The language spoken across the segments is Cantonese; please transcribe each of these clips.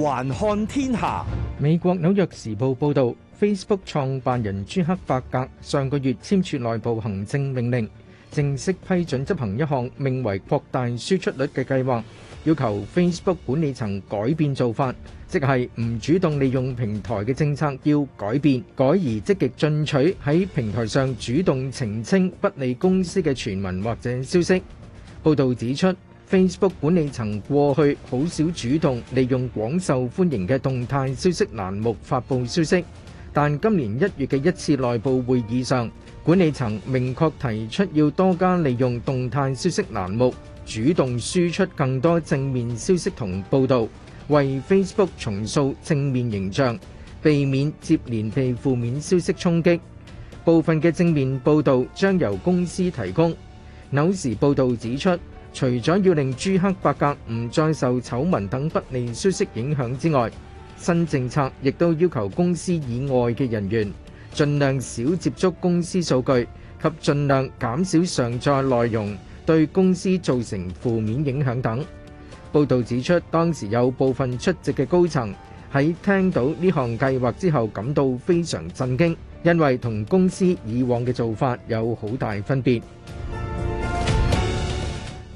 環看天下，美國紐約時報報道，Facebook 創辦人朱克伯格上個月簽署內部行政命令，正式批准執行一項名為擴大輸出率嘅計劃，要求 Facebook 管理層改變做法，即係唔主動利用平台嘅政策要改變，改而積極進取喺平台上主動澄清不利公司嘅傳聞或者消息。報道指出。Facebook 管理層過去好少主動利用廣受歡迎嘅動態消息欄目發布消息，但今年一月嘅一次內部會議上，管理層明確提出要多加利用動態消息欄目，主動輸出更多正面消息同報導，為 Facebook 重塑正面形象，避免接連被負面消息衝擊。部分嘅正面報導將由公司提供。紐時報導指出。除咗要令朱克伯格唔再受醜聞等不利消息影響之外，新政策亦都要求公司以外嘅人員，盡量少接觸公司數據，及盡量減少上載內容，對公司造成負面影響等。報道指出，當時有部分出席嘅高層，喺聽到呢項計劃之後感到非常震驚，因為同公司以往嘅做法有好大分別。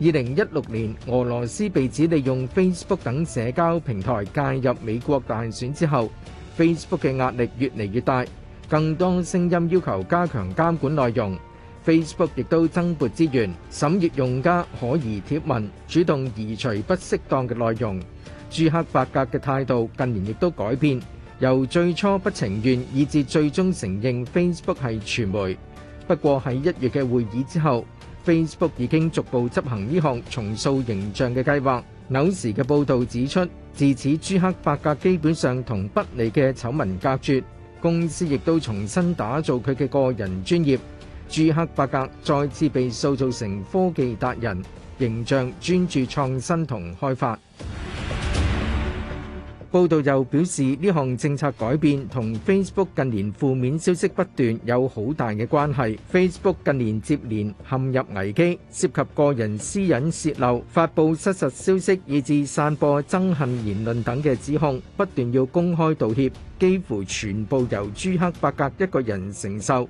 2016年，俄羅斯被指利用 Facebook 等社交平台介入美國大選之後，Facebook 嘅壓力越來越大，更多聲音要求加強監管內容，Facebook 亦都增撥資源，審閱用家可疑貼文，主動移除不適當嘅內容，朱克伯格嘅態度近年亦都改變，由最初不情願以至最終承認 Facebook 係傳媒，不過喺1月的會議之後，Facebook 已經逐步執行呢項重塑形象嘅計劃。紐時嘅報道指出，自此朱克伯格基本上同不利嘅醜聞隔絕，公司亦都重新打造佢嘅個人專業。朱克伯格再次被塑造成科技達人形象，專注創新同開發。報道又表示，呢項政策改變同 Facebook 近年負面消息不斷有好大嘅關係。Facebook 近年接連陷入危機，涉及個人私隱洩漏、發布失實消息以至散播憎恨言論等嘅指控，不斷要公開道歉，幾乎全部由朱克伯格一個人承受。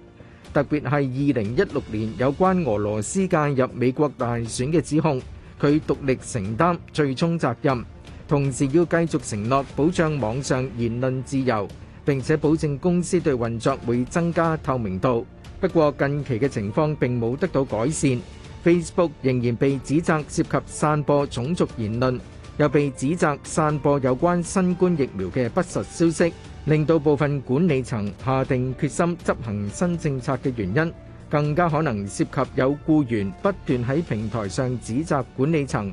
特別係二零一六年有關俄羅斯介入美國大選嘅指控，佢獨力承擔最終責任。同時要繼續承諾保障網上言論自由，並且保證公司對運作會增加透明度。不過近期嘅情況並冇得到改善，Facebook 仍然被指責涉及散播種族言論，又被指責散播有關新冠疫苗嘅不實消息，令到部分管理層下定決心執行新政策嘅原因，更加可能涉及有僱員不斷喺平台上指責管理層。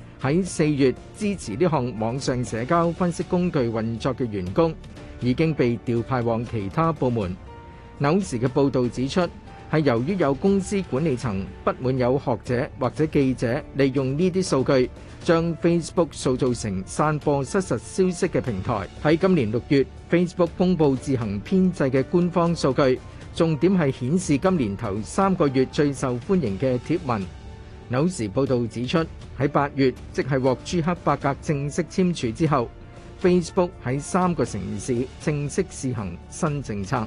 喺四月支持呢項網上社交分析工具運作嘅員工已經被調派往其他部門。紐時嘅報導指出，係由於有公司管理層不滿有學者或者記者利用呢啲數據，將 Facebook 塑造成散播失實消息嘅平台。喺今年六月，Facebook 公佈自行編製嘅官方數據，重點係顯示今年頭三個月最受歡迎嘅貼文。紐時報道指出，喺八月，即係獲朱克伯格正式簽署之後，Facebook 喺三個城市正式試行新政策。